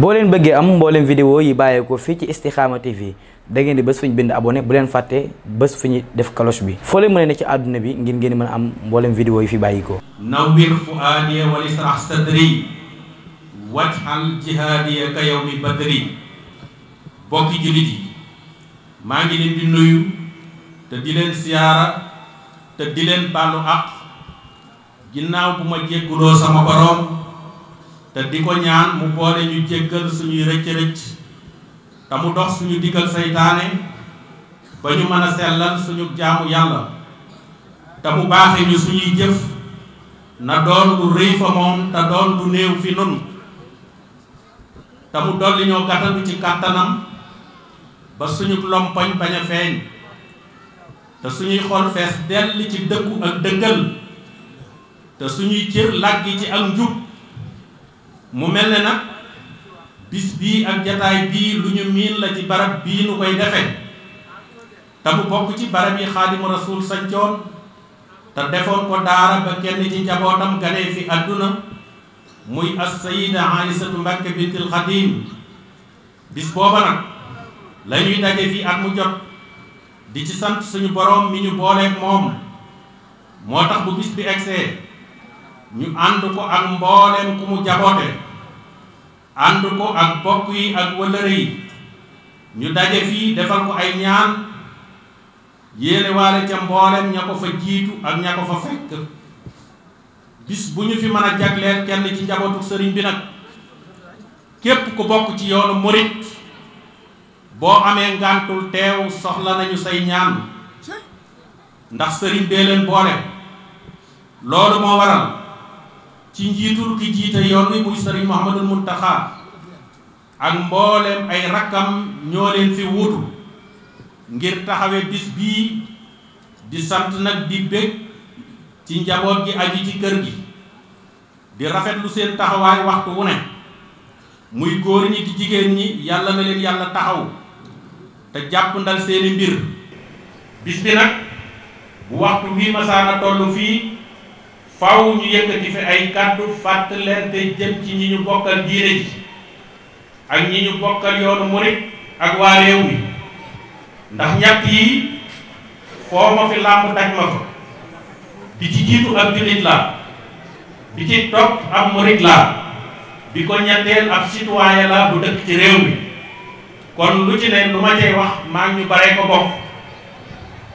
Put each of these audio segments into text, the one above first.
boo leen bëggee am mbooleem vidéo yi bàyyeekoo fii ci Istikhama TV da ngeen di bés fu ñu bind abonné bu leen fàtte bés fu ñu def cloche bi foo leen mën a ne ci àdduna bi ngir ngeen mën a am mbooleem vidéo yi fi bàyyikoo nawwir fuaadiya wa ishrah sadri waj'al jihaadiya ka yawmi badri bokki jullit yi maa ngi leen di nuyu te di leen siyaara te di leen bàllu àq ginnaaw bu ma jégguloo sama boroom te di ko ñaan mu boole ñu jéggal suñuy rëcc-rëcc te mu dox suñu diggal seytaane ba ñu mën a sellal suñu jaamu yàlla te mu baaxe ñu suñuy jëf na doon bu rëy moom te doon bu néew fi nun te mu dolli ñoo gàttalu ci kàttanam ba suñu lompoñ bañ a feeñ te suñuy xol fees dell ci dëkku ak dëggal te suñuy cër làggi ci ak njub mu mel na nag bis bii ak jataay bii lu ñu miin la ci barab bii nu koy defee te bu bokk ci barab yi xaadimu rasuul sancoon te defoon ko daara ba kenn ci njabootam ganee fi àdduna muy as-sayida aïsatu mbakke bintil xadim bis booba nag la ñuy fii at mu jot di ci sant suñu boroom mi ñu booleeg moom moo tax bu bis bi egsee ñu ànd ko ak mbooleem ku mu jaboote ànd ko ak bokk yi ak wëllëre yi ñu daje fii defal ko ay ñaan yéene waale ca mbooleem ña ko fa jiitu ak ña ko fa fekk bis bu ñu fi mën a jagleel kenn ci njabootu sëriñ bi nag képp ku bokk ci yoonu murit boo amee ngàntul teew soxla nañu say ñaan ndax sëriñ bee leen boole loolu moo waral ci njiitul ki jiite yoon wi muy sëriñ Mouhamadul Muntaxa ak mbooleem ay rakkam ñoo leen fi wuutu ngir taxawe bis bii di sant nag di bég ci njaboot gi aji ci kër gi di rafet lu seen taxawaay waxtu wu ne muy góor ñi di jigéen ñi yàlla na leen yàlla taxaw te jàpp ndal seeni mbir bis bi nag bu waxtu bii masaana tollu fii faaw ñu yëkkati fi ay kàddu fàttalante jëm ci ñi ñu bokkal diine ji ak ñi ñu bokkal yoonu murit ak waa réew mi ndax ñàkk yi foo ma fi làmb daj ma fa di ci jiitu ab jullit laa di ci topp ab murit laa bi ko ñetteel ab citoyen laa bu dëkk ci réew mi kon lu ci ne lu ma cay wax maa ñu bare ko bokk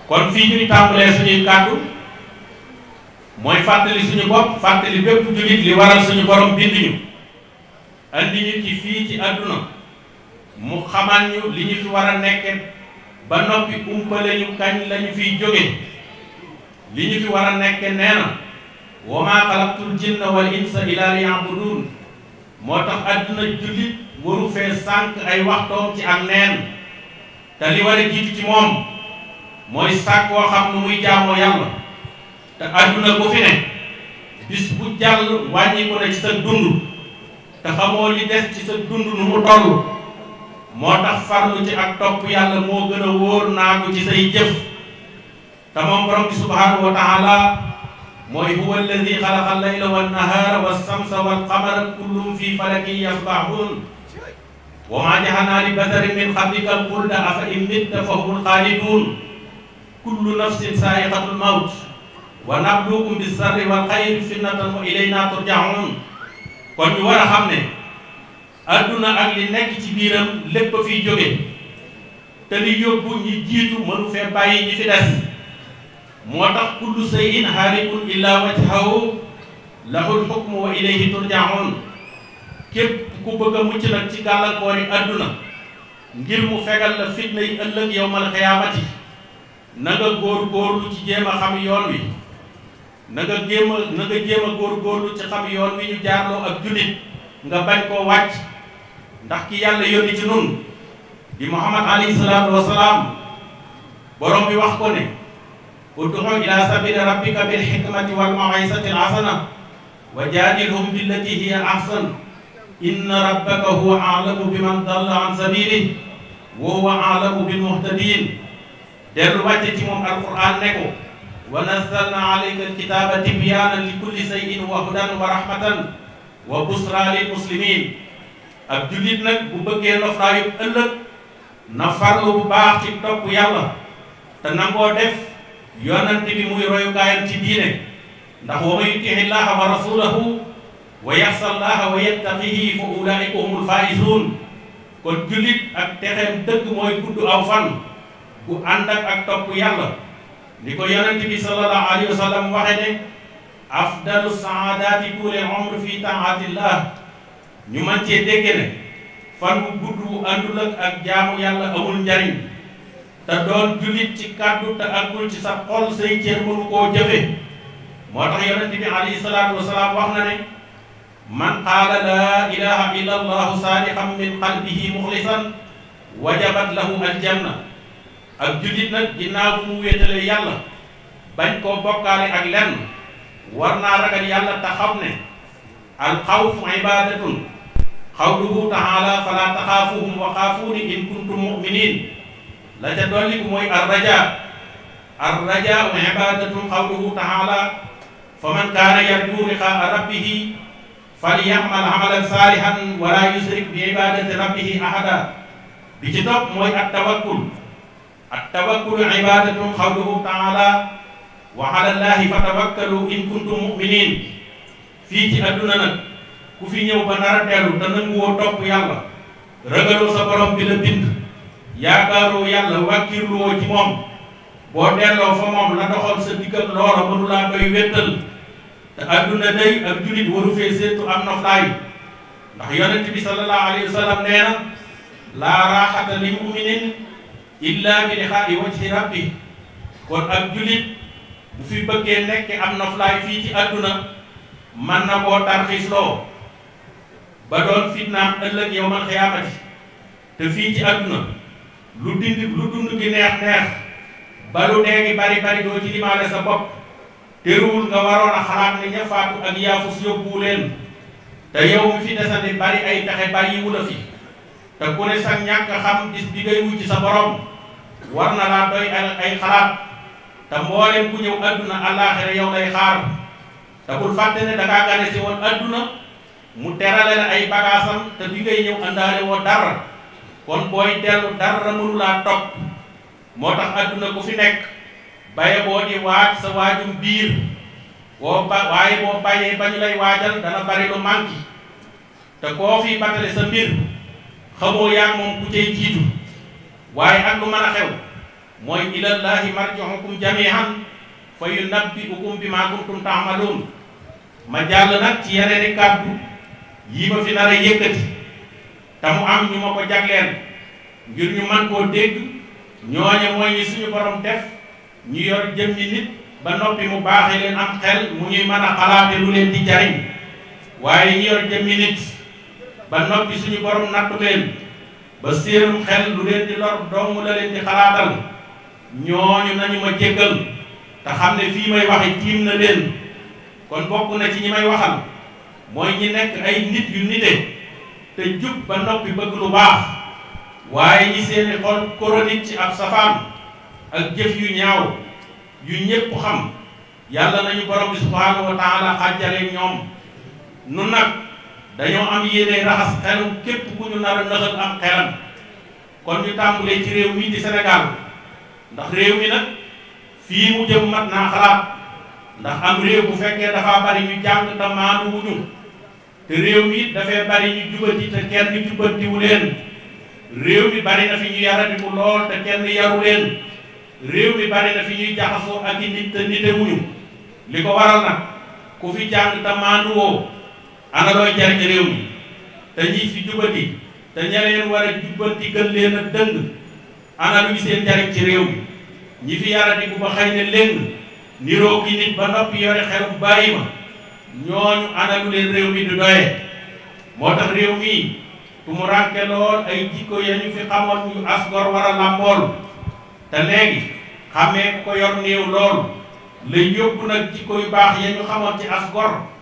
kon fii ñuy tàmbalee suñuy kàddu mooy fàttali suñu bopp fàttali bépp jullit li waral suñu borom bind ñu ñu ci fii ci àdduna mu xamal ñu li ñu fi war a nekke ba noppi umpale ñu kañ lañu fiy jóge li ñu fi war a nekke nee na wa maa jinna wal insa illa liya'budun moo tax àdduna jullit waru fee sànq ay waxtoom ci am neen te li war a jiitu ci moom mooy sàkk koo xam nu muy jaamoo yàlla te àdduna bu fi ne bis bu ko na ci sa dund te xamoo li des ci sa nu mu toll moo tax farlu ci ak topp yàlla moo gën a wóor naa ko ci say jëf moom borom bi subhaanahu taala mooy huwa alladi xalaqa allayla wa nahaara wa samsa wal qamara kullum fi falakin yasbahuun wa maa jaxalnaa li basarin min qablika al xulda afa in mitta fa humul xaaliduun kullu nafsin saa'iqatul mawt wa nabluukum bi sarri wal xayri fitnatan wa ilayna turjaun kon ñu war a xam ne adduna ak li nekk ci biiram lépp a jóge te yóbbu ñi jiitu mënu fee bàyyi ñi fi des moo tax kullu shay'in haarikun illa wajhahu lahul hukmu wa ilayhi turjaun képp ku mucc nag ci gàllankoor yi adduna ngir mu fegal la fitna yi ëllëg yawmal xiyaamati na góor góorlu ci jéem a xam yoon wi na nga jéem a na nga jéem a góorgóorlu ci xam yoon wi ñu jaarloo ak nga bañ koo wàcc ndax ki yàlla yónni ci nun di muhammad alayhi salaatu borom bi wax ko ne ud'u ila sabili rabbika bil hikmati wal maw'izati al hasana wa jaadilhum billati hiya ahsan inna rabbaka huwa a'lamu biman dalla an sabilihi wa huwa a'lamu bil muhtadin dellu wàcce ci moom alquran ne ko wa nazzalna alayka alkitaba tibyaanan li kulli shay'in wa hudan wa rahmatan wa busra lil muslimin ab jullit bu bëggee noflaay yu ëllëg na bu baax i topp yàlla te nangoo def yonante bi muy royukaayam ci diine ndax wa man yuti'i llaha wa rasulahu wa yaxsa llaha wa yattaqihi fa ulaa'ika humul faa'izuun kon jullit ak texeem dëgg mooy gudd aw bu ànd ak topp yàlla li ko yonent bi sallallahu alayhi wa sallam waxe ne afdalu saadaati kuule omre fi taatillah ñu man cee dégg ne fan bu gudd bu àndul ak jaamu yàlla amul njariñ te doon jullit ci kàddu te àggul ci sa xol say cër mënu koo jëfe moo tax yonent bi alayhi salaatu wasalaam wax na ne man qaala laa ilaha illa allahu saalixan min qalbihi muxlisan wajabat lahu aljanna ak jullit nag ginnaaw bu mu wéetalee yàlla bañ koo bokkaale ak lenn war naa ragal yàlla te xam ne al xawfu ibadatun xawluhu taala fala taxaafuhum wa xaafuuni in kuntum muminin la ca dolli ko mooy ar raja ar raja ibadatun xawluhu taala fa man kaana yarju liqaa rabbihi falyamal amalan saalihan wala yusrik bi ibadati rabbihi ahada bi ci topp mooy ak tawakkul at tawakkulu ibadatun xawluhu taala wa ala llahi fatawakkalu in kuntum muminin fii ci adduna nag ku fi ñëw ba nar a dellu te nanguwoo topp yàlla ragaloo sa borom bi la bind yaakaaroo yàlla wàkkirluwoo ci moom boo delloo fa moom la doxal sa diggam loola mënu laa koy wéttal te adduna day ak julit waru fee séttu am noflaay ndax yonent bi sallallahu alayhi wa sallam nee na laa raaxata li muminin illa bi liqaa'i wajhi rabbi kon ak jullit bu fi bëggee nekk am noflaay fii ci àdduna man na koo tarxiisloo ba doon fitnaam ëllëg yawmal xiyaamati te fii ci àdduna lu dund gi neex neex ba lu dee gi bari bari doo ci limaale sa bopp teruwul nga waroon a xalaat ne ña faatu ak yaafus yóbbuwu leen te yow mi fi desandi bari ay pexe bàyyiwu la fi te ku ne ñàkk xam bis bi ngay sa borom war na laa doy ay xalaat te mboolem ku ñëw adduna àllaaxira yow day xaar te bul fàtte ne da gane si woon adduna mu terale la ay bagaasam te bi ngay ñëw àndaale woo dara kon booy dellu dara mënu laa moo tax adduna ku fi nekk baye boo di waaj sa waajum biir boo ba waaye boo bàyyee ba ñu dana bari lu manqué te koo fi batale sa mbir xamoo yaa moom ku cay jiitu waaye ak lu mën a xew mooy ilallahi marji'ukum jami'an fa yunabbi'ukum bima kuntum ta'malun ma jàll nag ci yeneeni kàddu yi ma fi nar a yëkkati te am ñu ma ko jagleel ngir ñu man koo dégg ñooñe mooy ñi suñu borom def ñu yor jëm ñi nit ba noppi mu baaxee leen am xel mu ñuy mën a xalaate lu leen di jariñ waaye ñu yor nit ba noppi suñu borom nattu leen ba séenum xel lu leen di lor dong la leen di xalaatal ñooñu nañu ma jéggal te xam ne fii may waxe tiim na leen kon bokk na ci ñi may waxal mooy ñi nekk ay nit yu nite te jub ba noppi bëgg lu baax waaye ñi seeni xol chronique ci ab safaan ak jëf yu ñaaw yu ñépp xam yàlla nañu borom bi subhaanahu wa ñoom nu nag dañoo am yéene raxas xelu képp ku ñu nar a am xelam kon ñu tàmbalee ci réew mi di Sénégal ndax réew mi nag fii mu jëm mat naa xalaat ndax am réew bu fekkee dafa bari ñu jàng te te réew mi dafay bari ñu jubati te kenn jubatiwu leen réew mi bari na fi ñu yarati bu lool te kenn yaru leen réew mi bari na fi ñuy jaxasoo ak i nit te nite wuñu li ko waral nag ku fi jàng te ana looy réew mi te ñi fi jubati te ña war a jubati gën leen a dëng ana luy seen jariñ ci réew mi ñi fi yarati bu ba xëy ne léng niroo nit ba noppi yore xerum bàyyi ma ñooñu ana leen réew mi du doyee moo tax réew mii tu lool ay jikko ya ñu fi xamoon ñu asgor war a làmbool te léegi xamee ko yor néew lool lay yóbbu nag jikko yu baax ya ñu xamoon ci asgor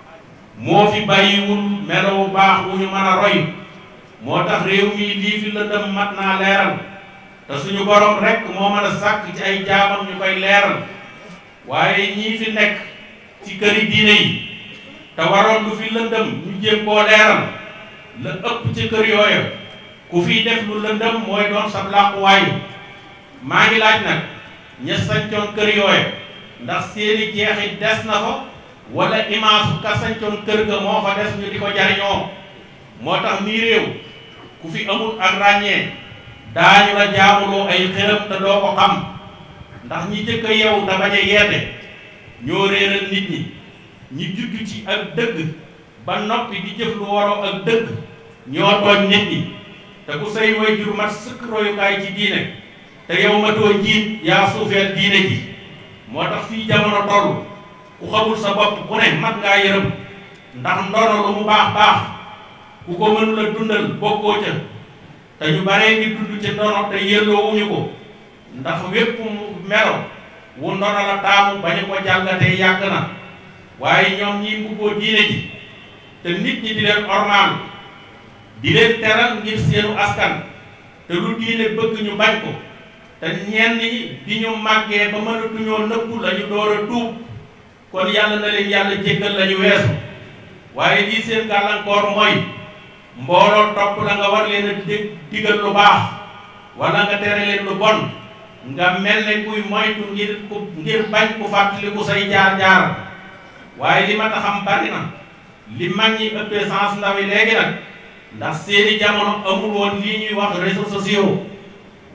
moo fi bàyyiwul melow baax wu ñu mën a roy moo tax réew mii lii fi lëndëm mat naa leeral te suñu borom rekk moo mën a sàkk ci ay jaamam ñu koy leeral waaye ñii fi nekk ci këri diine yi te waroon lu fi lëndëm ñu jéem koo leeral la ëpp ci kër yooya ku fiy def lu lëndëm mooy doon sab làquwaay maa ngi laaj nag ña sancoon kër yooya ndax seeni jeexit des na fa wala image ka sañcoon kër ga moo fa des ñu di ko jariñoo moo tax nii ku fi amul ak ràññee daañu la jaamuloo ay xërëm te doo ko xam ndax ñi jëkk a yeewu te bañ yeete ñoo réeral nit ñi ñi juddu ci ak dëgg ba noppi di jëf lu waroo ak dëgg ñoo tooñ nit ñi te ku say waajur mat sëkk royukaay ci diine te yow matoo njiit yaa suufeel diine ji moo tax fii jamono toll ku xamul sa bopp ku ne mag ngaa yërëm ndax ndono lu mu baax baax ku ko mënul a dundal bokkoo ca te ñu baree ngi dund ci ndono te yelloo wuñu ko ndax wépp melo wu ndono la daamu bañu ko jàlgatee yàgg na waaye ñoom ñi mbubboo diine ji te nit ñi di leen ormaal di leen teral ngir seenu askan te lu diine bëgg ñu bañ ko te ñenn ñi di ñu màggee ba mënatuñoo nëbbu la door a tuub kon yàlla na leen yàlla jéggal la ñu weesu waaye lii seen gàllankoor mooy mbooloo topp la nga war leen a dig digal lu baax wala nga tere leen lu bon nga mel ne kuy moytu ngir ku ngir bañ ku fàttaliku jaar-jaar waaye li ma ta xam bari na li mag ëppee sens ndaw yi nag ndax seeni jamono amul woon lii ñuy wax réseaux sociaux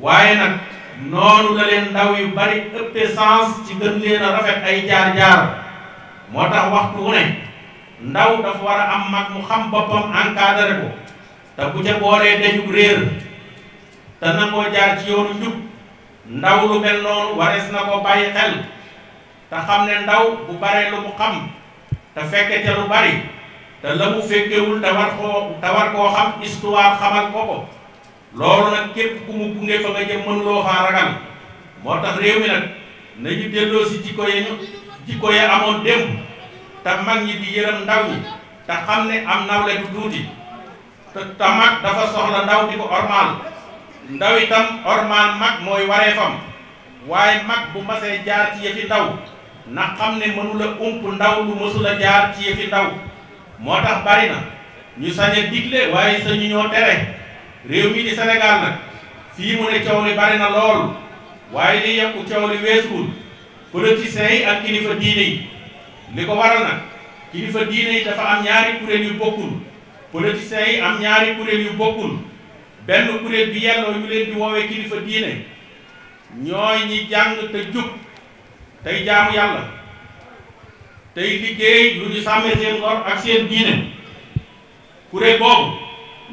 waaye nag noonu la leen ndaw yu bari ëppee sens ci gën leen a rafet ay jaar-jaar moo tax waxtu wu ne ndaw dafa war a am mag mu xam boppam encadré ko te bu ca boolee dajug réer te nangoo jaar ci yoonu njub ndaw lu mel noonu warees na ko bàyyi xel te xam ne ndaw bu baree lu mu xam te fekke ca lu bari te la mu fekkewul te war koo te war koo xam histoire xamal ko ko loolu nag képp ku mu fa nga jëm mën loo ragal moo tax réew mi nag nañu delloo si jikko yi ñu jikko ya amoon démb te mag ñi di yërëm ndaw ñi te xam ne am nawle du tuuti te mag dafa soxla ndaw di ko ormaal ndaw itam ormaal mag mooy wareefam waaye mag bu masee jaar ci yëfi ndaw na xam ne mënula ump ndaw lu mësula jaar ci yëfi ndaw moo tax bari ñu sañ a digle waaye sañu ñoo tere réew mi di Sénégal ne coow li bari na lool waaye li yokku politiciens yi ak kilifa diine yi li ko waral nag kilifa diine yi dafa am ñaari kuréel yu bokkul politiciens yi am ñaari kuréel yu bokkul benn kuréel bi yelloo ñu leen di woowee kilifa diine ñooy ñi jàng te jub tey jaamu yàlla tey liggéey lu ñu sàmmee seen ngor ak seen diine kuréel boobu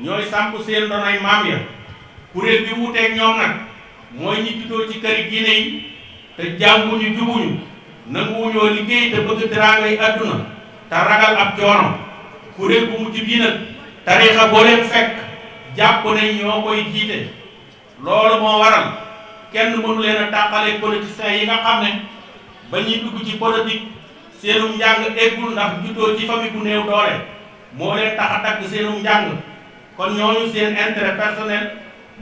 ñooy sàmp seen donay maam ya kuréel bi wuuteeg ñoom nag mooy ñi juddoo ci këri diine yi te jànguñu jubuñu nanguwuñoo liggéey te bëgg teraangay àdduna te ragal ab joono kuréel bu mujj bii tariixa boo leen fekk jàpp ne ñoo koy jiite loolu moo waral kenn mënu leen a tàqale politiciens yi nga xam ne ba ñuy dugg ci politique seenum njàng eggul ndax juddoo ci famille bu néew doole moo leen tax a dagg seenum njàng kon ñooñu seen intérêt personnel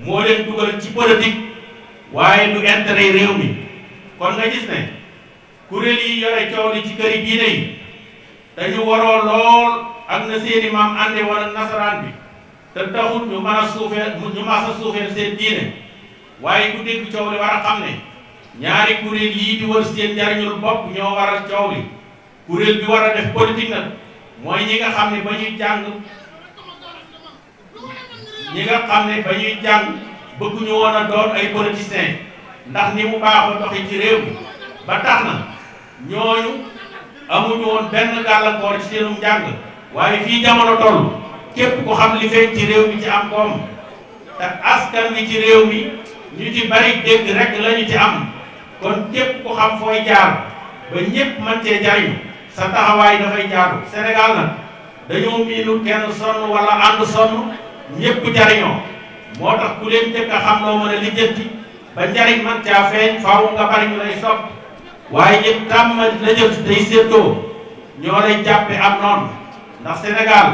moo leen dugal ci politique waaye du intérêt réew mi kon nga gis ne kuréel yi yore coow li ci këri diine yi dañu waroo lool ak na seeni maam ànde wala nasaraan bi te taxut ñu mën a suufeel ñu mas a suufeel seen diine waaye ku dégg coow li war a xam ne ñaari kuréel yii di wër seen njariñul bopp ñoo waral coow li kuréel bi war a def politique nag mooy ñi nga ne ba ñuy jàng ñi nga xam ne ba ñuy jàng bëgguñu woon a doon ay politiciens ndax ni mu baaxoo doxee ci réew ba tax na ñooñu amuñu woon benn gàllankoor ci seenum njàng waaye fii jamono toll képp ku xam li feeñ ci réew mi ci am koom te askan wi ci réew mi ñu ci bari dégg rek lañu ci am kon képp ku xam fooy jaar ba ñépp man cee jariñu sa taxawaay dafay jaaru Sénégal nag dañoo miinu kenn sonn wala ànd sonn ñépp jariñoo moo tax ku leen jëkk a xam loo mën lijjanti ba njariñ man caa feeñ faaw nga bari ñu lay sopp waaye ñëpp tàmm la jëf day ñoo lay jàppe am noonu ndax Sénégal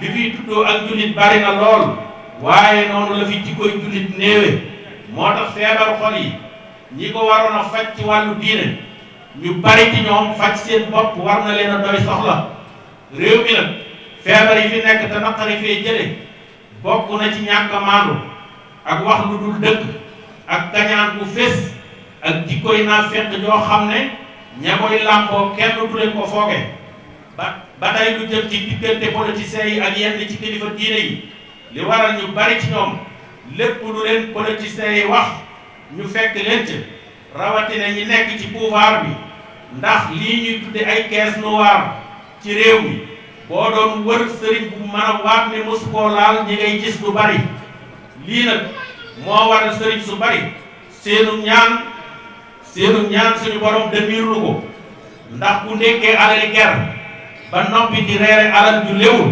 li fiy tuddoo ak jullit bari na lool waaye noonu la fi jikkoy jullit néewe moo tax feebaru xol yi ñi ko waroon a faj ci wàllu diine ñu bari ci ñoom faj seen bopp war na leen a doy soxla réew mi nag feebar yi fi nekk te naqari fee jële bokk na ci ñàkk a maandu ak wax lu dul dëkk ak kañaan bu fees ak jikkoy naa fekk ñoo xam ne ña koy làqoo kenn du leen ko fooge ba ba tey lu jëm ci diggante politiciens yi ak yenn ci kilifa diine yi li waral ñu bari ci ñoom lépp lu leen politiciens yi wax ñu fekk leen ci rawatina ñi nekk ci pouvoir bi ndax lii ñuy tudde ay caisse noire ci réew mi boo doon wër sëriñ bu mën a waat ne mosu laal ñi ngay gis lu bari lii nag moo waral sëriñ su bari seenu ñaan seenu ñaan suñu borom demirlu ko ndax bu ndekkee alali ger ba noppi di reere alal ju léwul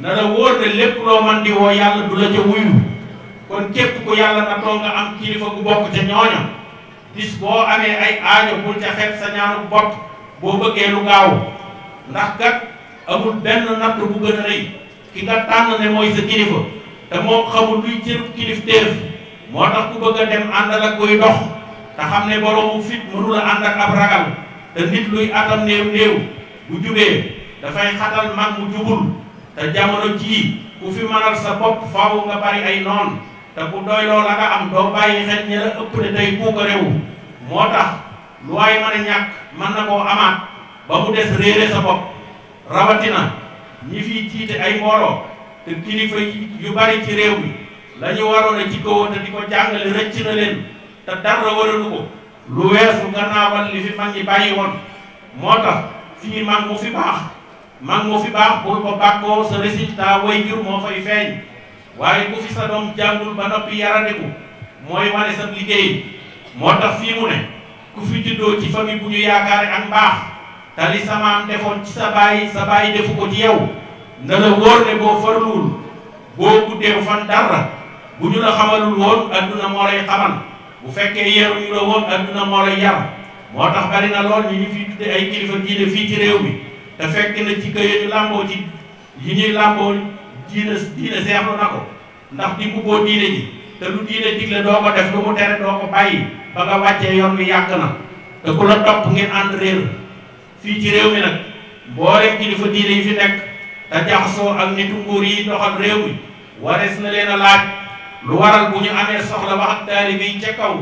na la wóor ne lépp loo man di woo yàlla du la ca wuyu kon képp ku yàlla na too nga am kilifa gu ca ñooña bis boo amee ay aajo bul ca xeeb sa boo bëggee lu gaaw ndax kat amul benn natt bu gën a ki nga ne mooy kilifa te moom xamul luy cëru kilifteef moo tax ku bëgg a dem àndal ak koy dox te xam ne boroomu fit mënula ànd ab ragal te luy atam néew néew bu jubee dafay xatal mag mu jubul te jamono jii ku fi mënal sa bopp faaw nga bari ay noon te ku doyloo la am doo bàyyi xel ña la ëpp de tey ku moo tax lu waay mën a ñàkk mën na koo amaat ba mu des réere sa bopp rawatina ñi fiy jiite ay mbooloo te kilifa yu bari ci réew mi la ñu waroon a jikkoo te di ko jàngale rëcc na leen te dara waralu ko lu weesu gannaawal li fi mag ñi baax mag mu fi baax bul ko bàkkoo sa résultat way jur moo fay feeñ waaye ku fi sa doom jàngul ba noppi yaradeku mooy wane sa liggéey moo tax fii mu ne ku fi juddoo ci famille bu ñu yaakaare ak mbaax te li sa maam ci sa baay sa baay defu ko ci yow na la wóor ne boo farluwul boo guddee fan dara bu ñu la xamalul woon adduna moo lay xamal bu fekkee yeeruñu la woon adduna moo lay yar moo tax bari na lool ñu ñu fi ay kilifa diine fii ci réew mi te fekk na ci këye ñu làmboo ci yi ñuy làmboo diine diine seexlu na ko ndax di bubboo diine ji te lu diine digle doo ko def lu mu tere doo ko bàyyi ba nga wàccee yoon wi yàgg na te ku la topp ngi ànd réer fii ci réew mi nag mboolem kilifa diine te jaxasoo ak nitu nguur yi doxal réew mi warees na leen a laaj lu waral bu ñu amee soxla wax ak yi ca kaw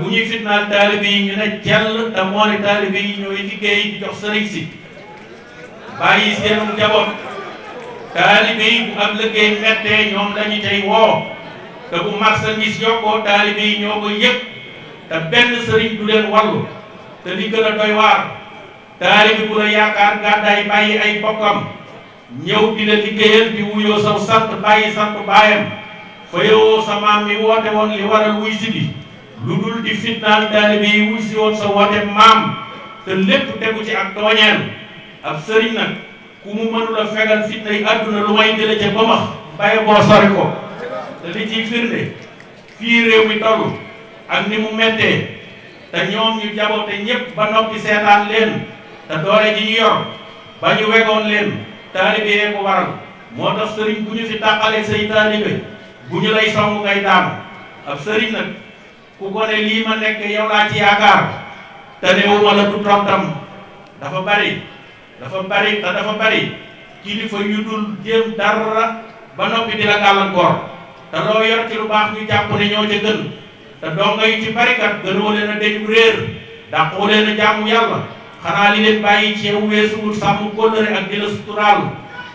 bu ñuy fitnaal taalibe yi ñu ne jell te moo ne yi ñooy liggéey di jox sëriñ am liggéey mettee ñoom dañu tey woo te bu marchandise yokkoo taalibe yi ñoo ko yëg te benn sëriñ du leen wallu te li gën a doy waar taalibe bu la yaakaar gàddaay bàyyi ay bokkam ñëw di la liggéeyal di wuyoo saw sant bàyyi sant baayam fayoo sa maam mi woote woon li waral wuy si bi lu dul di fitnaal taalibe yi wuy si woon sa woote maam te lépp tegu ak tooñeel ab sëriñ nag ku mu mënul a fegal fitna yi lu may jële ca ba max ko te li ciy firnde fii réew mi toll ak ni mu mettee te ñoom ñu jaboote ñépp ba noppi seetaan leen te doole ji ñu yor ba ñu wegoon leen taalibe yee ko waral moo tax sëriñ bu ñu fi tàqalee say taalibe bu ñu lay song ngay daanu ab sëriñ nag ku ko lii ma nekk yow laa ci yaakaar te newu ma la du tam dafa bari dafa bari te dafa bari kilifa yu dul jéem dara ba noppi di la gàllankoor te loo yor ci lu baax ñu jàpp ne ñoo ca gën te donga yu ci barikat gënoo leen a déjub réer dàqoo leen a yàlla xanaa li leen bàyyi ci yow weesuwul sàmm kóllëre ak jëla suturaal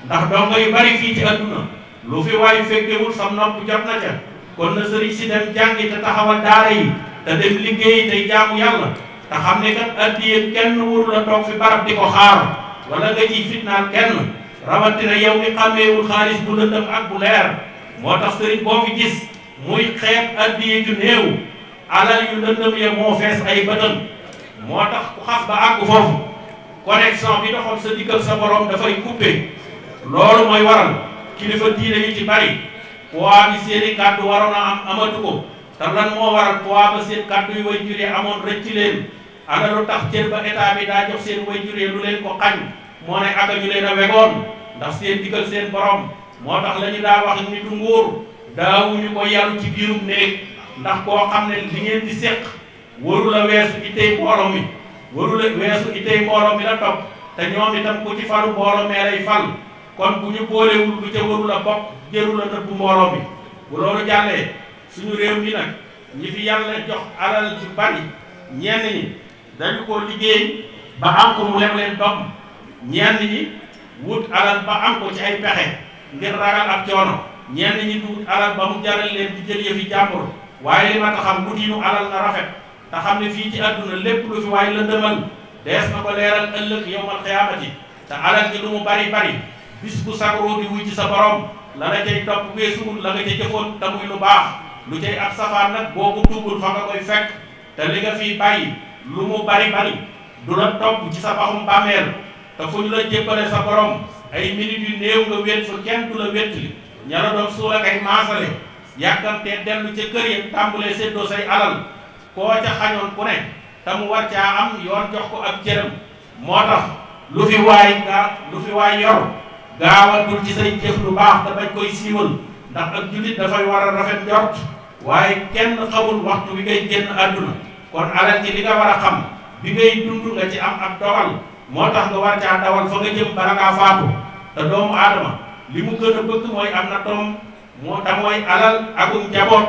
ndax dongo yu bari fii ci adduna lu fi waayu fekkewul sam nopp jot na ca kon na sëriñ si dem jàngi te taxawal daara yi te dem liggéeyi tey jaamu yàlla te xam ne kat addiye kenn wuru la toog fi barab di ko xaar wala nga ciy fitnaal kenn rawatina yow mi xàmmeewul xaalis bu lëndëm ak bu leer moo tax sëriñ boo fi gis muy xeet addiye ju néew alal yu lëndëm ya moo fees ay moo tax ku xas ba àgg foofu connexion bi doxoon sa diggal sa borom dafay coupé loolu mooy waral kilifa diine yi ci bari poids bi seeni kàddu waroon a am amatu ko te lan moo waral poids ba seen kàddu yi way juree amoon rëcc leen ana tax cër ba état bi daa jox seen way juree lu leen ko xañ moo ne aga leen a wegoon ndax seen diggal seen borom moo tax la daa wax nitu nguur daawuñu ko yaru ci biirum néeg ndax koo xam ne li ngeen di séq waru la weesu itteey mbooloo mi waru la weesu itteey mbooloo mi la topp te ñoom itam ku ci faru mbooloo mee lay fal kon bu ñu boolewul lu ca waru la bokk jëru la nëbb mbooloo mi bu loolu jàllee suñu réew mi nag ñi fi yàlla jox alal ci bari ñenn ñi dañu ko liggéey ba am ko mu lem leen doom ñenn ñi wut alal ba am ko ci ay pexe ngir ragal ak coono ñenn ñi du wut alal ba mu jaral leen di jël yëfi jàmbur waaye li ma taxam wutiinu alal na rafet te xam ne fii ci àdduna lépp lu fi waay lëndëmal dees na ko leeral ëllëg yowmal xiyaamati te alal gi lu mu bari bari bis bu sagroo di wuy ci sa borom la la cay topp weesuwul la nga ca jëfoon te muy lu baax lu cay ab safaan nag boo ko tuubul fa nga koy fekk te li nga fii bàyyi lu mu bari bari du la topp ci sa baxum bàmmeel te fu ñu la jébbale sa borom ay minutes yu néew nga wét fa kenn du la wétli ña la doon suula kay maasale yàkkamtee dellu ca kër koo ca xañoon ku ne te mu war am yoon jox ko ab cëram moo tax lu fi waay nga lu fi waay yor gaawantul ci say jëf lu baax te bañ koy siiwal ndax ak jullit dafay war a rafet njort waaye kenn xamul waxtu bi ngay génn àdduna kon alal ci li nga war a xam bi ngay dund nga ci am ab dogal moo tax nga war caa dawal fa nga jëm bala ngaa faatu te doomu aadama li mu gën a bëgg mooy am na doom moo te mooy alal akum njaboot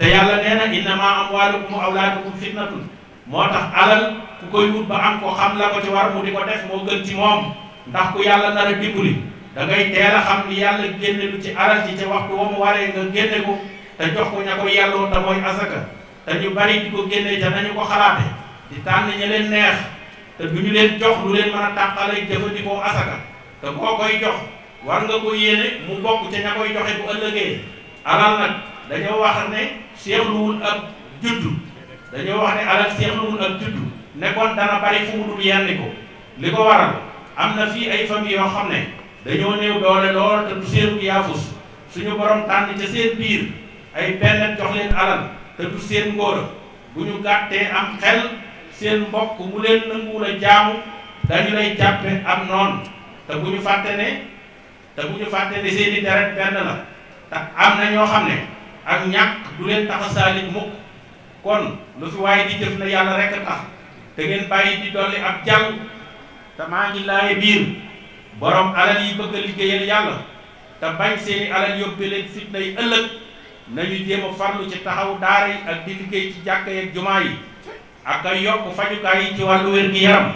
te yàlla nee na innama amwaalukum wa awlaadukum fitnatun moo tax alal ku koy wut ba am ko xam la ko ci war mu di ko def moo gën ci moom ndax ku yàlla nar a dimbali da ngay teel a xam ni yàlla génne lu ci alal ji ci waxtu wa mu waree nga génne ko te jox ko ña ko yàlloo te mooy asaka te ñu bari di ko génne te nañu ko xalaate di tànn ña leen neex te du ñu leen jox lu leen mën a tàqale jëfandikoo asaka te boo koy jox war nga ko yéene mu dañoo wax ne seexluwul ak juddu dañoo wax ne alal seexluwul ak juddu nekkoon dana bari fu mu dul yenni ko li ko waral am na fii ay famille yoo xam ne dañoo néew doole lool te du seenu yaafus suñu borom tànn ca seen biir ay benn jox leen alal te du seen ngóor bu ñu gàttee am xel seen mbokk mu leen nanguwul a jaamu dañu lay jàppe am noonu te bu ñu fàtte ne te bu ñu fàtte ne seeni deret benn la te am na ñoo xam ne ak ñàkk du leen tax a saalik mukk kon lu fi waaye di jëf na yàlla rek a tax te ngeen bàyyi di dolli ab jàng te maa ngi laaye biir borom alal yi bëgg a liggéeyal yàlla te bañ seeni alal yóbbe leen fitna ëllëg nañu jéem a farlu ci taxaw daara ak di liggéey ci jàkka ak jumaa yi ak a yokk fajukaay yi ci wàllu wér-gi-yaram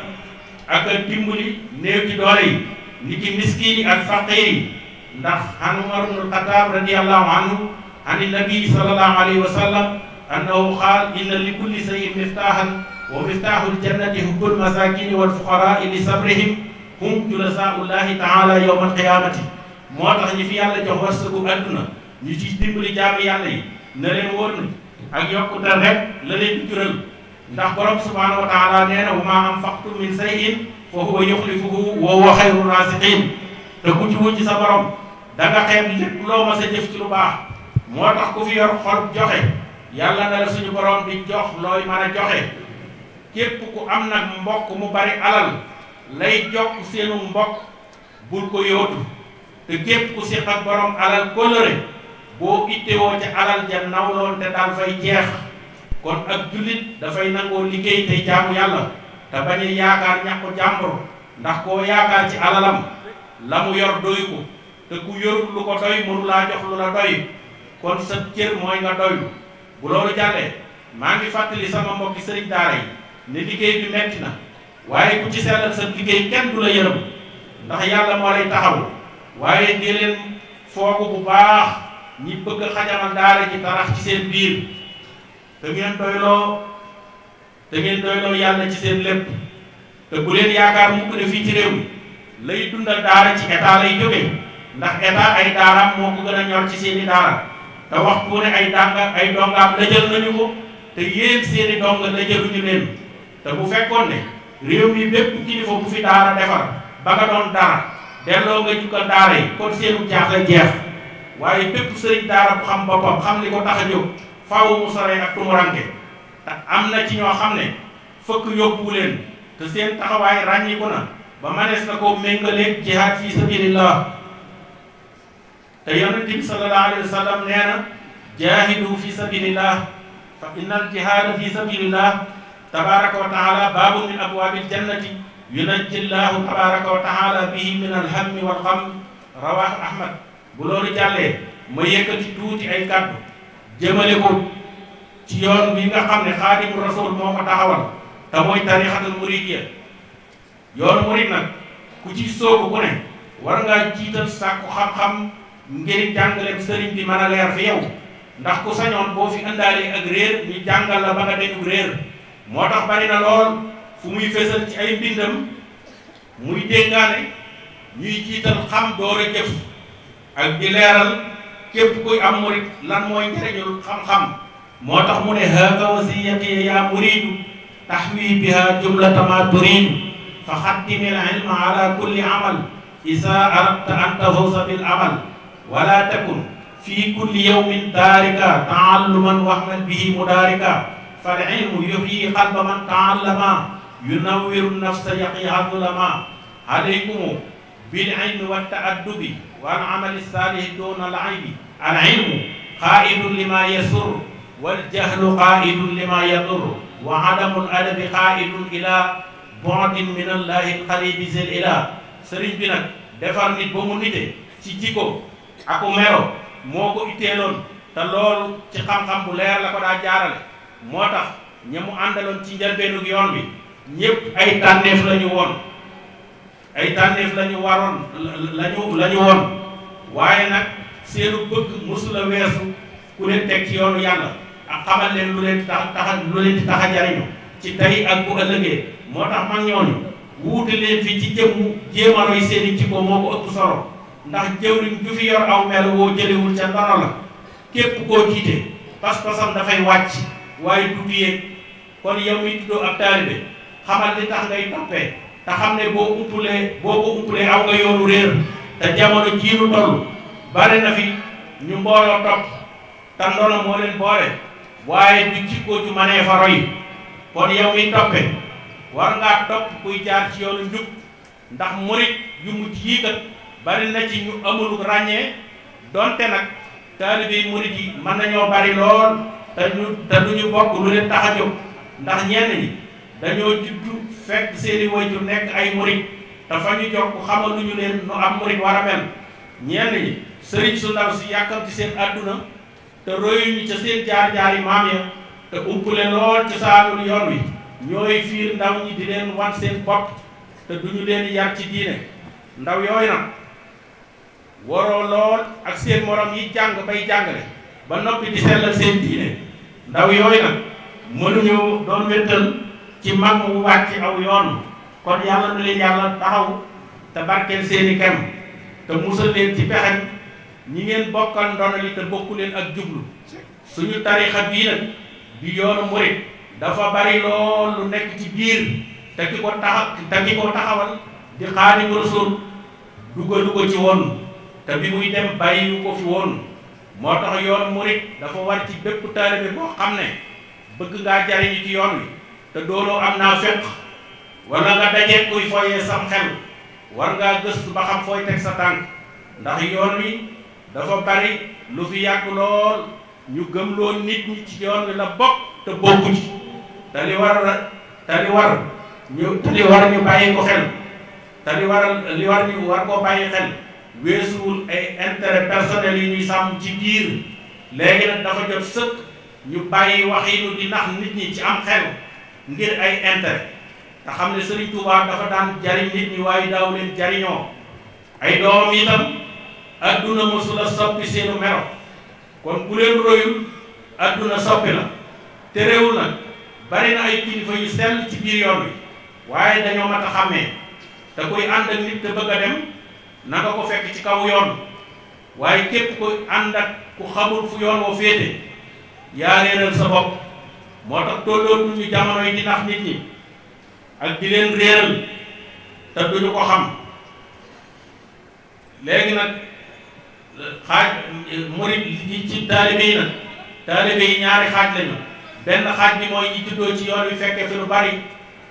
ak a dimbali néew ci doole yi ni ci miskiin ak faqiir yi ndax Umar ibnul Xattaab radiyallaahu anhu عن النبي صلى الله عليه وسلم أنه قال إن لكل شيء مفتاحا ومفتاح الجنة حب المساكين والفقراء لصبرهم هم جلساء الله تعالى يوم القيامة moo tax ñi fi yàlla jox wërsëgu àdduna ñu ci dimbali jaamu yàlla yi na leen wóor ni ak yokkute rek la leen jural ndax borom subhaanahu wa taala nee na wa maa anfaqtu min shay'in fa huwa yuxlifuhu wa huwa xayru raasiqiin te ku ci wuñ ci sa borom da nga xeeb lépp loo mas a jëf ci lu baax. moo tax ku fi yor xol joxe yàlla na la suñu borom di jox looy mën a joxe képp ku am nag mbokk mu bari alal lay jokk seenu mbokk bul ko yóotu te képp ku séq ak borom alal kóllëre boo ittewoo ca alal ja nawloon te daal fay jeex kon ak jullit dafay nangoo liggéey tey jaamu yàlla te bañ a yaakaar ñàkku jàmbur ndax koo yaakaar ci alalam la mu yor doy ko te ku yorul lu ko doy mënu jox lu la doy kon sa cër mooy nga doylu bu loolu jàllee maa ngi fàttali sama mbokki sëriñ daara yi ne liggéey bi metti na waaye ku ci sellal sa liggéey kenn du la yërëm ndax yàlla moo lay taxaw waaye di leen foogu bu baax ñi bëgg xajamal daara ji tarax ci seen biir te ngeen doyloo te ngeen doyloo yàlla ci seen lépp te bu leen yaakaar mukk ne fii ci réew lay dundal daara ci état lay jóge ndax état ay daaraam moo ko gën a ñor ci seeni daara te waxtu ne ay dànga ay dongaam dajal nañu ko te yéen seeni dong dajaluñu leen te bu fekkoon ne réew mi bépp kilifa bu fi daara defar ba nga doon dara delloo nga jukkal daara yi kon seenu jaaxle jeex waaye bépp sëriñ daara bu xam boppam xam li ko tax a jóg faaw mu ak tumuranke te am na ci ñoo xam ne fëkk yóbbu leen te seen taxawaay ràññiku na ba manees na ko méngaleeg jihaad fi sabilillah te yonent bi sallallahu alayhi wa sallam fi sabilillah fa inna al fi sabilillah tabaraka wa taala baabu min abwaabil jannati yunajji llahu tabaraka wa taala bihi min alhammi wal xamm rawaahu ahmad bu loolu jàllee ma yëkkati tuuti ay kàddu jëmale ko ci yoon bi nga xam ne xaadimu rasul moo ko taxawal te mooy tarixatul muridiyya yoon murid nag ku ci soobu ku ne war ngaa jiital sàkku xam-xam ngir jàngaleeg sëriñ bi mën a leer fi ndax ku sañoon boo fi indaalee ak réer ñu jàngal la ba moo tax bari na lool fu muy fésal ci ay mbindam muy déngaane ñuy jiital xam door a jëf di leeral képp kuy am murit lan mooy njëriñul xam-xam moo tax mu ne haaka wasiyati yaa muridu taxwi biha jumlata ma turidu fa xaddimil ilma ala kulli amal isa arabta an tafawsa bil amal wala takun fi kulli yawmin daarika taalluman waxmal bihi mudaarika fal ilmu yuxyi qalba man taallama yunawiru nafsa yaqiha zulama alaykumu bil ilmi wa taaddubi wal amali saalih duna al aybi al ilmu qaidun lima yasur wal jahlu qaidun lima yadur wa adamu al adabi qaidun ila bondin min allahi al qaribi zil ila sëriñ bi nag defar nit ba mu nite ci jikko aku melo moo ko itteeloon te loolu ci xam-xam bu leer la ko daa jaarale moo tax ña àndaloon ci njëlbeenug yoon bi ñëpp ay tànneef la ñu woon ay tànneef la ñu waroon lañu la woon waaye nag seenu bëgg mosu weesu ku leen teg ci yoonu yàlla ak xamal leen lu leen tax taxa lu leen tax a jariñu ci tey ak bu ëllëgee moo tax man ñooñu wuute leen fi ci jëmmu jéem a roy seeni jikko moo ko ëpp solo ndax jëwriñ ju fi yor aw mel woo jëlewul ca ndono la képp koo jiite pas-pasam dafay wàcc waaye du du yéeg kon yow mi tuddoo ab taalibe xamal li tax ngay toppee te xam ne boo umpulee boo ko umpulee aw nga yoonu réer te jamono jii nu toll bare na fi ñu mbooloo topp te ndono moo leen boole waaye du jikkoo ju mënee fa roy kon yow mi toppe war ngaa topp kuy jaar ci yoonu njub ndax murit yu mujj yii kat bari na ci ñu amul ràññee donte nag taalibe murid yi mën nañoo bari lool te ñu te duñu bokk lu leen tax a ndax ñenn ñi dañoo juddu fekk seeni waajur nekk ay murid te fa ñu jokk xamaluñu leen nu am murid war a ñenn ñi sëriñ su ndaw si yàkkam seen àdduna te royuñu ca seen jaar-jaari maam ya te umpule lool ci saalul yoon wi ñooy fiir ndaw ñi di leen wan seen bopp te duñu leen yar ci diine ndaw yooyu nag waroo lool ak seen morom yi jàng bay jàngale ba noppi di sellal seen diine ndaw yooyu nag mënuñu doon wéttal ci mag mu wàcc aw yoon kon yàlla na leen yàlla taxaw te barkeel seeni kem te musal leen ci pexem ñi ngeen bokkal ndono li te bokku leen ak jublu suñu tarixa bii nag di yoonu murit dafa bari lool lu nekk ci biir te ki ko taxa te ki ko taxawal di xaadimu rasul dugalu ko ci woon te bi muy dem bàyyi ko fi woon moo tax yoon murit dafa war ci bépp taalibe boo xam ne bëgg ngaa jariñu ci yoon wi te dooloo am naa féq wala nga dajee kuy fooyee sam xel war ngaa gëstu ba xam fooy teg sa tànk ndax yoon wi dafa bari lu fi yàgg lool ñu gëm loo nit ñi ci yoon wi la bokk te bokku ci te li war te li war ñu te li war ñu bàyyi ko xel te li war li war ñu war koo bàyyi xel weesuwul ay intérêt personnel yu ñuy sàmm ci biir léegi nag dafa jot sëkk ñu bàyyi wax yi ñu di nax nit ñi ci am xel ngir ay intérêt te xam ne Serigne Touba dafa daan jariñ nit ñi waaye daaw leen jariñoo ay doom itam adduna mosula soppi seenu mero kon bu leen royul adduna soppi la te réew nag bari na ay kilifa yu sell ci biir yoon wi waaye dañoo mat a xàmmee te kuy ànd ak nit te bëgg dem na nga ko fekk ci kaw yoon waaye képp ko ànd ak ku xamul fu yoon woo féete yaa réeral sa bopp moo tax tollootu ñu yi di nax nit ñi ak di réeral te duñu ko xam léegi nag xaaj murit yi ci taalibe yi nag taalibe yi ñaari xaaj lañu benn xaaj bi mooy ñi juddoo ci yoon wi fekke fi lu bari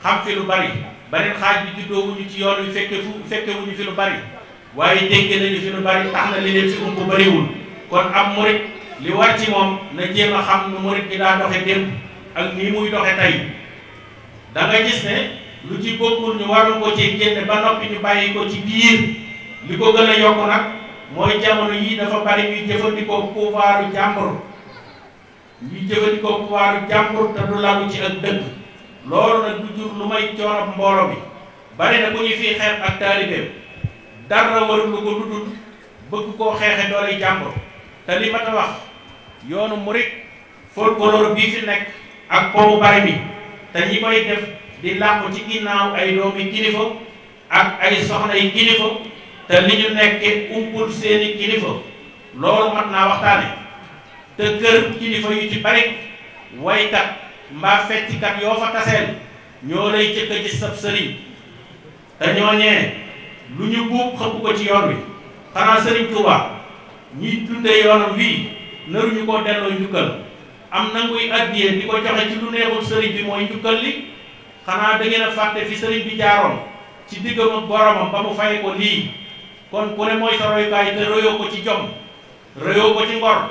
xam fi lu bari beneen xaaj bi juddoo wuñu ci yoon wi fekke fu fekke fi lu bari waaye déggee nañu fi lu bari tax na li leen fi ump bariwul kon am murit li war ci moom na jéem a xam nu murit bi daa doxe démb ak nii muy doxe tey da nga gis ne lu ci bokkul ñu waroon ci génn ba noppi ñu bàyyi ko ci biir li ko gën a yokk nag mooy jamono yii dafa bari ñuy jëfandikoo pouvoiru jàmbur ñuy jëfandikoo pouvoiru jàmbur te du lalu ci ak dëkk loolu nag du jur lu may coonob mboolo bi bari na bu ñu fiy xeeb ak taalibeem dara warul ko lu bëgg koo xeexe doolay jàmbur te li ma ta wax yoonu murit folklore bii fi nekk ak poobu bari mi te ñi koy def di làqu ci ginnaaw ay doomi kilifa ak ay soxna yi kilifa te li ñu nekke umpul seeni kilifa loolu mat naa waxtaane te kër kilifa yu ci bari waykat mbaa feccikat yoo fa taseel ñoo lay jëkk a sab sëriñ te ñooñee lu ñu buub xëpp ko ci yoon wi xanaa Serigne Touba ñuy dundee yoonam wii naruñu koo delloo njukkal am nanguy addiyee di ko joxe ci lu neexul Serigne bi mooy njukkal li xanaa da ngeen a fi sëriñ bi jaaroon ci diggam ak boromam ba mu fay ko lii kon ku ne mooy sa royukaay te ko ci jom royoo ci ngor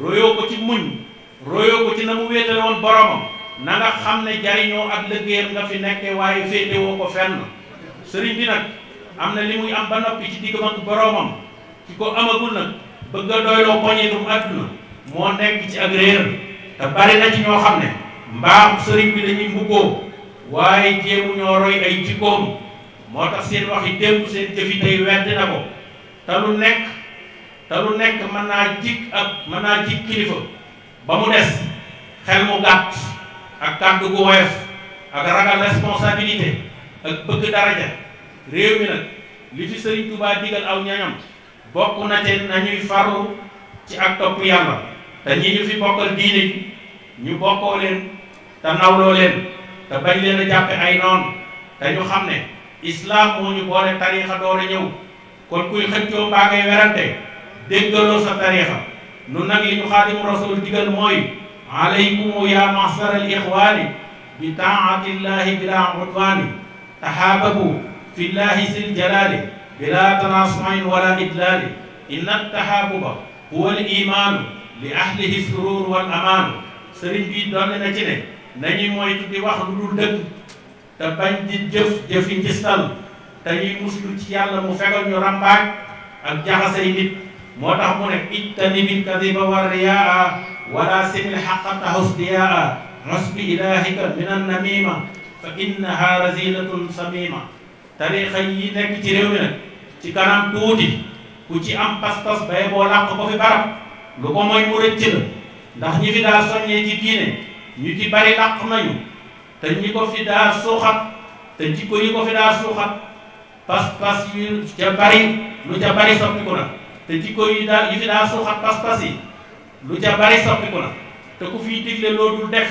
royoo ko ci muñ royoo ko ci na mu wéetale woon boromam na nga ne jariñoo ak liggéeyam nga fi nekke waaye féete woo ko fenn sëriñ bi nag am na li muy am ba noppi ci diggam ak boroomam ki ko amagul nag bëgg a doyloo poñetum àdduna moo nekk ci ak réeram te bari na ci ñoo xam ne mbaaxu sëriñ bi lañuy mbuggoo waaye jéemu ñoo roy ay jikkoom moo tax seen wax yi démb seen jëf yi wedd na ko te lu nekk te lu nekk mën naa jik ak mën naa jik kilifa ba mu des xel mu gàtt ak kàddu gu woyof ak ragal responsabilité ak bëgg daraja réew mi nag li fi sëriñ Touba digal aw ñañam bokk na te faru ci ak topp yàlla te ñi ñu fi bokkal diine ñu bokkoo leen te nawloo leen te bañ leen a jàppe ay noonu te ñu xam ne islaam moo ñu boole tariixa doole ñëw kon kuy xëccoo mbaa ngay werante sa tariixa nu nag li ñu xaadimu rasul digal mooy alaykumu ya mahsar al bi taatillahi bila udwaani tahaababu fi llahi sil jalali bila tanasuin wala idlali inna tahabuba huwa al imaanu li ahlihi surur wal amaanu sëriñ bi doon na ci ne nañuy moytu di wax lu dul dëgg te bañ di jëf jëfi ngistal te ñuy muslu ci yàlla mu fegal ñu ràmbaaj ak jaxasay nit moo tax mu ne ijtanibil kadiba war riyaa wala simil xaqa tahus diyaa xusbi ilahika min annamima fa innaha razilatun samima tarixa yi nekk ci réew mi nag ci kanam tuuti ku ci am pas-pas bay boo làq ko fi barab lu ko mooy mu rëcc ndax ñi fi daa soññee ci diine ñu ci bari làq nañu te ñi ko fi daa suuxat te jikko yi ko fi daa suuxat pas-pas yu ca bari lu ca bari soppiku na te jikko yi daa yi fi daa suuxat pas-pas yi lu ca bari soppiku na te ku fiy digle loo dul def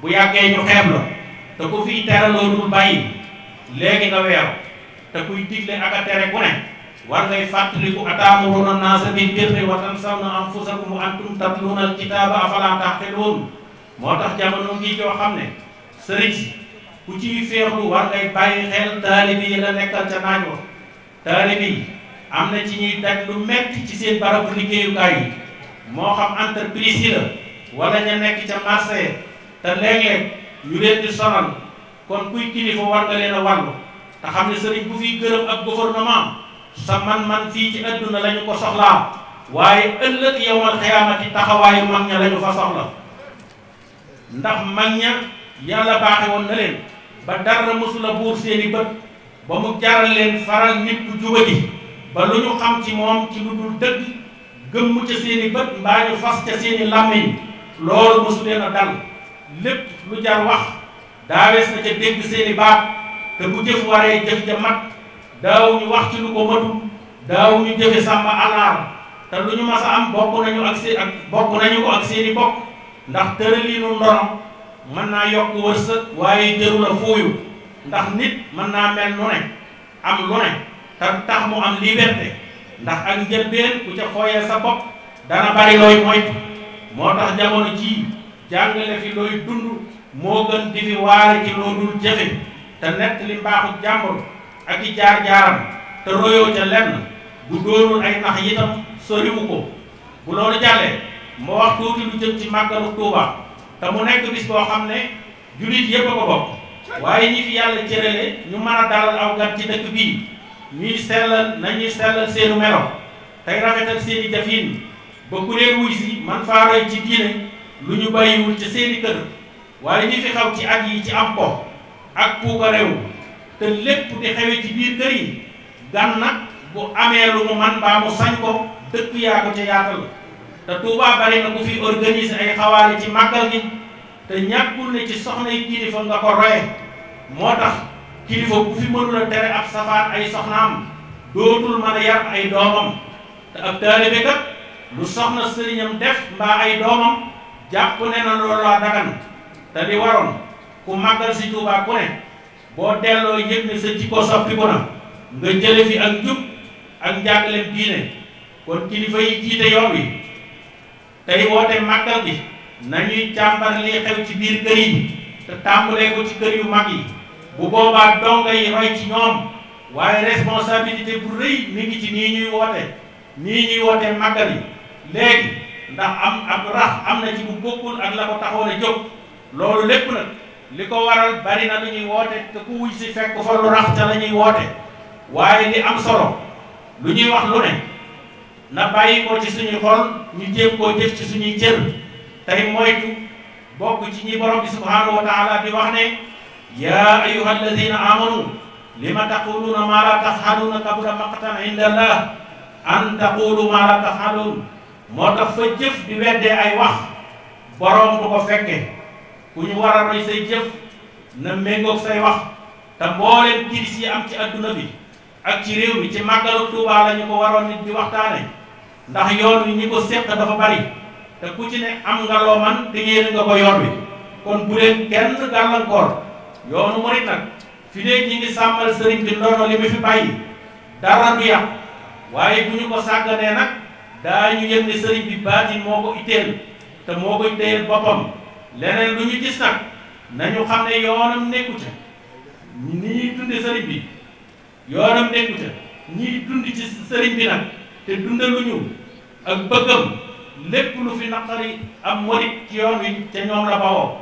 bu yàggee ñu xeeb la te ku fiy tere loo dul bàyyi léegi nga weeru te kuy digle ak a tere ku ne war ngay fàttaliku ataamuruuna naasa bil birri wa tansawna anfusakum wa antum tatluuna alkitaaba afalaa taxqiluun moo tax jamono ngi joo xam ne sëriñ si ku ci féexlu war ngay bàyyi xel taalibi yi la nekkal ca naaj wa yi am na ci ñuy daj lu metti ci seen barabu liggéeyukaay yi moo xam entreprise yi la nekk ca marché te léeg-léeg leen di sonal kon kuy kilifa war nga leen a te xam ne sëriñ bu fiy gërëm ak gouvernement sa man-man fii ci adduna la ñu ko soxlaa waaye ëllëg yowmal xiyaamati taxawaayu mag ña la fa soxla ndax mag ña yàlla baaxe woon na leen ba dara mosula buur seeni bët ba mu jaral leen faral nit ku jubadi ba lu ñu xam ci moom ci lu dul dëgg gëmm ca seeni bët mbaa ñu fas ca seeni làmmiñ loolu mosu a dal lépp lu jar wax daawees na ca dégg seeni baat te bu jëf waree jëf ja mat daaw ñu wax ci lu ko matul daaw ñu jëfe sàmm alaar te lu ñu mas a am bokk nañu ko ak seeni bokk ndax tëraliinu ndono mën naa yokk wërsëg waaye jëru fuuyu ndax nit mën naa mel nu ne am lu ne te tax mu am liberté ndax ak njëlbeen ku ca xooyee sa bopp dana bari looy moytu moo tax jamono jii jàngale fi looy dund moo gën di fi waare ci loo dul te nett li mbaaxu jàmbur ak i jaar-jaaram te royoo ca lenn bu dóorul ay nax yitam soriwu ko bu loolu jàllee ma wax tuuti lu jëm ci màggalu Tuuba te mu nekk bis koo xam ne jullit yépp a ko bokk waaye ñi fi yàlla cërale ñu man a dalal aw gan ci dëkk bii ñuy sellal nañuy sellal seenu melo tey rafetal seeni jafin ba ku leen wuy si man faa roy ci diine lu ñu bàyyiwul ci seeni kër waaye li fi xaw ci at yi ci am ko ak puuka te lépp di xewe ci biir kër yi gan nag bu amee lu mu man baa mu sañ ko dëkk yaa ko ca yaatal te Touba bari na ku fi organiser ay xawaare ci màggal gi te ñàkkul ne ci soxna yi nga ko roye moo tax kilifa bu fi mënul a tere ab safaan ay soxnaam dootul mën a yar ay doomam te ab taalibe kat lu soxna sëriñam def mbaa ay doomam jàpp ne na loolu laa dagan te li waroon ku màggal si Tuubaa ku ne boo delloo yëg ne sa jikko soppiku na nga jële fi ak njub ak njàngaleem diine kon kilifa yi jiite yoon wi tey woote màggal bi nañuy càmbar li xew ci biir kër yi te tàmbalee ko ci kër yu mag yi bu boobaa donga yi roy ci ñoom waaye responsabilité bu rëy mi ngi ci nii ñuy woote nii ñuy woote màggal yi léegi ndax am ab rax am na ci bu bokkul ak la ko taxoon a jóg loolu lépp nag li ko waral bari na lu ñuy woote te ku wuy si fekk fa lu rax ca la woote waaye li am solo lu ñuy wax lu ne na ko ci suñu xol ñu jéem koo jëf ci suñuy cër tey moytu bokk ci ñi borom bi subhanahu wa taala di wax ne yaa ayuha alladina amanu lima taquluuna maa la tafxaluuna kabura maqtan inda an taqulu maa la tafxaluun moo tax fa jëf di weddee ay wax borom du ko fekke ku ñu war a roy say jëf na méngoog say wax te mbooleem kiris yi am ci àdduna bi ak ci réew mi ci màggalu Tuubaa la ñu ko waroon nit di waxtaane ndax yoon wi ñi ko séq dafa bari te ku ci ne am nga man te yéene nga ko yoon wi kon bu leen kenn gàllankoor yoonu murit nag fi léegi ñi ngi sàmmal sëriñ bi ndono li mu fi bàyyi dara du yàq waaye bu ñu ko sàgganee nag daa ñu yëg ne sëriñ bi baati moo ko itteel te moo ko itteel boppam leneen lu ñu gis nag nañu xam ne yoonam nekku ca nii dunde sëriñ bi yoonam nekku ca ñiy dund ci sëriñ bi nag te dundaluñu ak bëggam lépp lu fi naqari am morit ci yoon wi ca ñoom la bawoo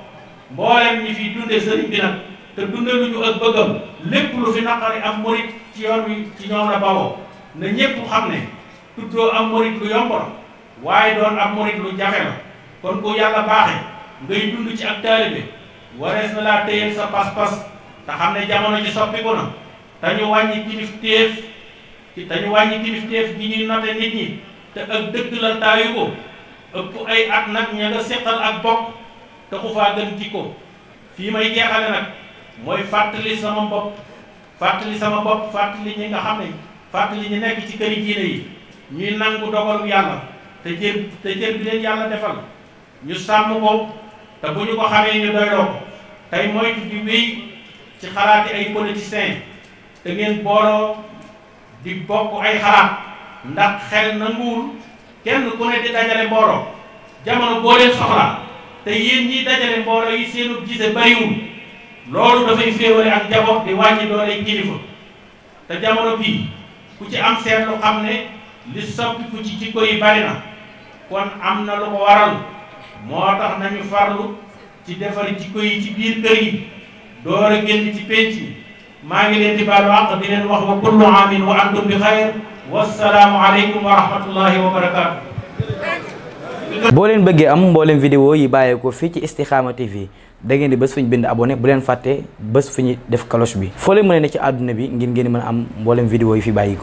mboolem ñi fi dunde sëriñ bi nag te dundaluñu ak bëggam lépp lu fi naqari am morit ci yoon wi ci ñoom la na ñépp xam ne tuddoo am morit lu yomb la waaye doon am morit lu jafe la kon ku yàlla baaxe ngay dund ci ak taalibe warees na laa téyel sa pas-pas te xam ne jamono ji soppiku na te ñu wàññi kilifteef te ñu wàññi kilifteef gi ñuy note nit ñi te ak dëgg la taayu ko ëpp ay at nag ña nga seqal ak bokk te ku faa gën jikko fii may jeexale nag mooy fàttali sama bopp fàttali sama bopp fàttali ñi nga xam ne fàttali ñi nekk ci këri diine yi ñuy nangu dogalu yàlla te jër te jër bi leen yàlla defal ñu sàmm ko te bu ñu ko xamee ñu doyloo ko tey moytu di wéy ci xalaati ay politiciens te ngeen booloo di bokk ay xalaat ndax xel nanguwul kenn ku ne di dajale mbooloo jamono boo leen te yéen ñiy dajale mbooloo yi seenu gise bariwul loolu dafay féewale ak njaboot di wàññi doole kilifa te jamono bii ku ci am seetlu xam ne li soppi ku ci jikko yi bari na kon am na lu ko waral moo tax nañu farlu ci defar jikko yi ci biir kër yi door a génn ci penc maa ngi leen di baalu àq wax wa kullu aamin wa antum bi xayr aleykum wa wa barakaatu boo leen bëggee am mboolem vidéo yi bàyyeekoo fii ci Istikhama TV da ngeen di bés fu ñu bind abonné bu leen fàttee bés fu ñu def cloche bi foo leen mën a ci àdduna bi ngir ngeen mën a am mboolem vidéo yi fi ko